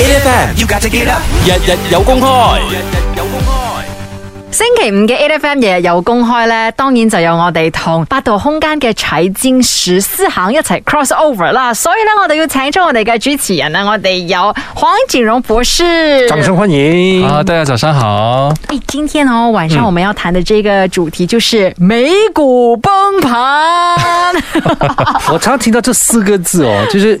A F M，You got to get up，日日有公開，日日有公開。星期五嘅 A F M 日日有公開咧，當然就有我哋同八度空間嘅財經十四行一齊 cross over 啦。所以呢，我哋要請出我哋嘅主持人啦。我哋有黃錦榮博士，掌聲歡迎。啊，大家、啊、早上好。誒，今天哦，晚上我們要談嘅這個主題就是美股崩盤。 我常聽到這四個字哦，就是。